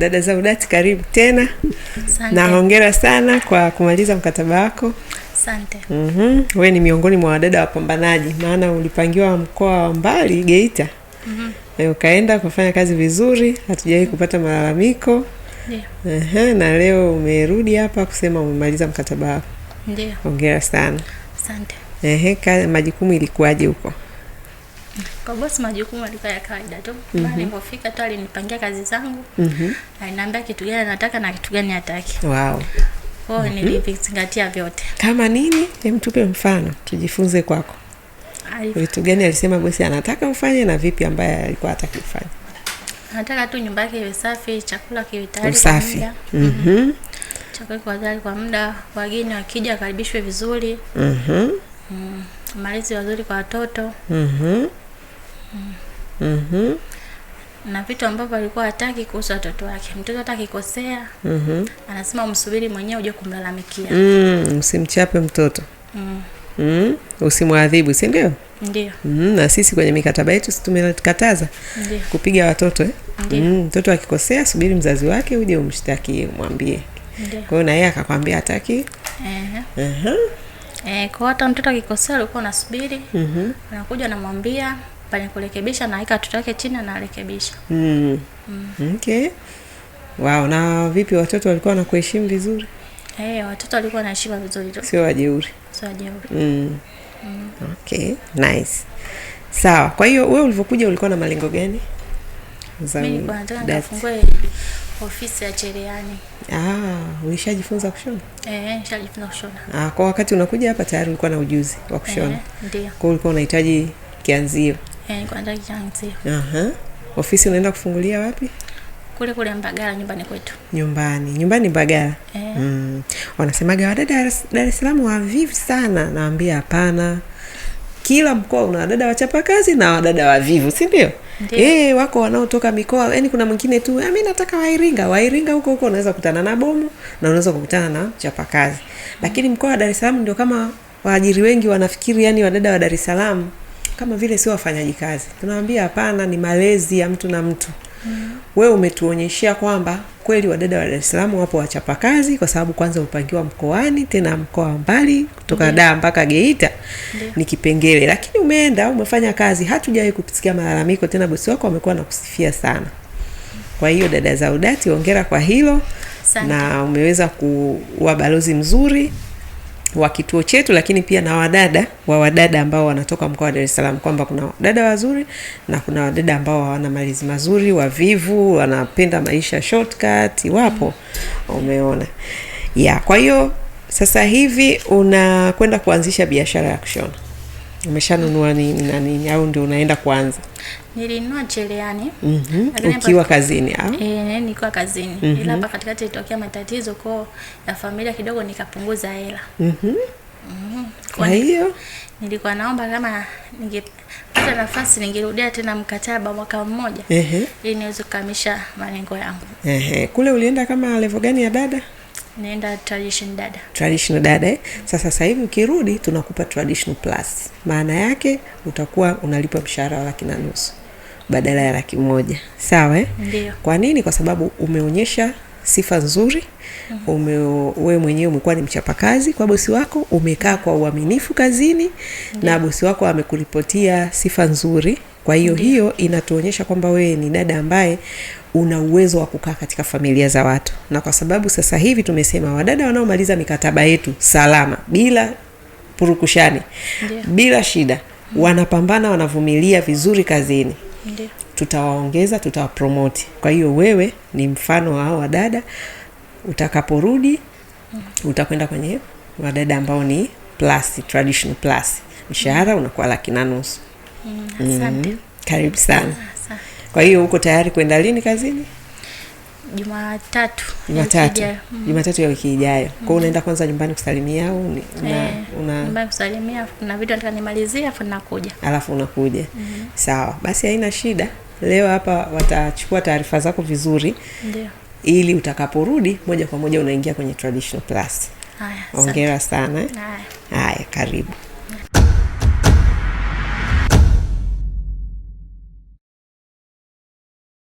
Dada Zaudati, karibu tena Sante. Na hongera sana kwa kumaliza mkataba wako. Asante. Mm-hmm. We ni miongoni mwa wadada wapambanaji, maana ulipangiwa mkoa wa mbali Geita. Mm-hmm. ukaenda kufanya kazi vizuri, hatujawahi kupata malalamiko. Yeah. Aha, na leo umerudi hapa kusema umemaliza mkataba wako. Ndio. Hongera sana. Asante. Ehe, majukumu ilikuwaje huko? Kwa bosi majukumu alikuwa ya kawaida tu. Mm -hmm. Nilipofika tu alinipangia kazi zangu. Mm -hmm. Aliniambia kitu gani anataka na kitu gani hataki. Wow. Kwa hiyo mm -hmm. nilivizingatia vyote. Kama nini? Hem, tupe mfano tujifunze kwako. Vitu gani alisema bosi anataka ufanye na vipi ambaye alikuwa hataki ufanye? Anataka tu nyumba yake iwe safi, chakula kiwe tayari safi. Mhm. Mm -hmm. Chakula kiwe tayari kwa muda, wageni wakija karibishwe vizuri. Mhm. Mm mm. Malezi mazuri kwa watoto. Mhm. Mm mm. mm -hmm. na vitu ambavyo alikuwa hataki kuhusu watoto wake. Mtoto hata akikosea mm -hmm. anasema umsubiri mwenyewe uje kumlalamikia. mm, usimchape mtoto mm. Mm, usimwadhibu, si ndio? Ndiyo. Mm, na sisi kwenye mikataba yetu tumekataza kupiga watoto eh? Mm, mtoto akikosea subiri mzazi wake uje umshtaki umwambie. Kwa hiyo na yeye akakwambia hataki. Uh -huh. Eh, kwa hata mtoto akikosea alikuwa unasubiri. Mhm. Mm, unakuja unamwambia penye kurekebisha naweka watoto wake chini na anarekebisha. mm. mm. Okay. Wow, na vipi watoto walikuwa na kuheshimu vizuri? Eh, Hey, watoto walikuwa na heshima vizuri tu, sio wajeuri, sio wajeuri. mm. mm. Okay, nice. Sawa, kwa hiyo wewe ulivyokuja ulikuwa na malengo gani? Mimi nilikuwa nataka nifungue ofisi ya cherehani. Ah, ulishajifunza kushona? Eh, nishajifunza kushona. Ah, kwa wakati unakuja hapa tayari ulikuwa na ujuzi wa kushona. Eh, ndio. Kwa hiyo ulikuwa unahitaji kianzio. Aha. Ofisi unaenda kufungulia wapi? Kule kule Mbagala nyumbani kwetu. Nyumbani, nyumbani Mbagala. Eh. Mm. Wanasemaga wadada Dar es Salaam wavivu sana, naambia hapana. Kila mkoa una wadada wachapakazi na wadada wavivu, si ndio? Eh, wako wanaotoka mikoa, yaani kuna mwingine tu, ah, mimi nataka Wairinga, Wairinga huko huko unaweza kukutana na bomu na unaweza kukutana na chapakazi. Lakini mkoa wa Dar es Salaam ndio kama waajiri wengi wanafikiri, yani wadada wa Dar es Salaam kama vile sio wafanyaji kazi. tunawambia hapana, ni malezi ya mtu na mtu mm. wewe umetuonyeshia kwamba kweli wadada wa Dar es Salaam wapo kazi kwa sababu kwanza upangiwa mkoani, tena mkoa mbali kutoka yeah. daa mpaka Geita yeah. ni kipengele, lakini umeenda umefanya kazi, hatujawai kusikia malalamiko tena, bosi wako wamekuwa na kusifia sana. Kwa hiyo dada za Udati, ongera kwa hilo Sante. na umeweza kuwa balozi mzuri wa kituo chetu, lakini pia na wadada wa wadada ambao wanatoka mkoa wa Dar es Salaam, kwamba kuna wadada wazuri na kuna wadada ambao hawana malizi mazuri, wavivu, wanapenda maisha shortcut, wapo. Umeona ya, kwa hiyo sasa hivi unakwenda kuanzisha biashara ya kushona Umeshanunua nini na nini au ndio unaenda kwanza Nilinunua cheleani. mm -hmm. Ukiwa kazini au? Eh, kazini. mm -hmm. Ila hapa katikati ilitokea matatizo kwa ya familia kidogo, nikapunguza hela. mm -hmm. mm Kwa hiyo nilikuwa naomba kama ningepata nafasi ningerudia tena mkataba mwaka mmoja, ili niweze kukamisha malengo yangu. Ehe, kule ulienda kama level gani ya dada? naenda traditional dada, traditional dada eh? Sasa sasa hivi ukirudi tunakupa traditional plus, maana yake utakuwa unalipa mshahara wa laki na nusu badala ya laki moja, sawa eh? Kwa nini? Kwa sababu umeonyesha sifa nzuri mhm. ume, we mwenyewe umekuwa ni mchapakazi kwa bosi wako, umekaa kwa uaminifu kazini Ndiyo. Mhm. na bosi wako amekuripotia sifa nzuri. Kwa hiyo Ndiyo. hiyo inatuonyesha kwamba wewe ni dada ambaye una uwezo wa kukaa katika familia za watu, na kwa sababu sasa hivi tumesema wadada wanaomaliza mikataba yetu salama bila purukushani Ndiyo. bila shida, mhm. wanapambana wanavumilia vizuri kazini Ndiyo tutawaongeza, tutawapromoti. Kwa hiyo wewe ni mfano wa wadada, utakaporudi utakwenda kwenye wadada ambao ni plus, traditional plus, mshahara unakuwa laki na nusu. Mm, mm, karibu sana. Ah, Kwa hiyo uko tayari kwenda lini kazini? Jumatatu. Jumatatu. Mm. Jumatatu ya wiki ijayo. Mm. kwao unaenda kwanza nyumbani kusalimia au una, eh, una... nyumbani kusalimia na vitu nataka nimalizie afu nakuja. Alafu unakuja. Mm. Sawa. Basi haina shida leo hapa watachukua taarifa zako vizuri Ndiyo. ili utakaporudi moja kwa moja unaingia kwenye Traditional Plus. Haya, sana. Haya, karibu.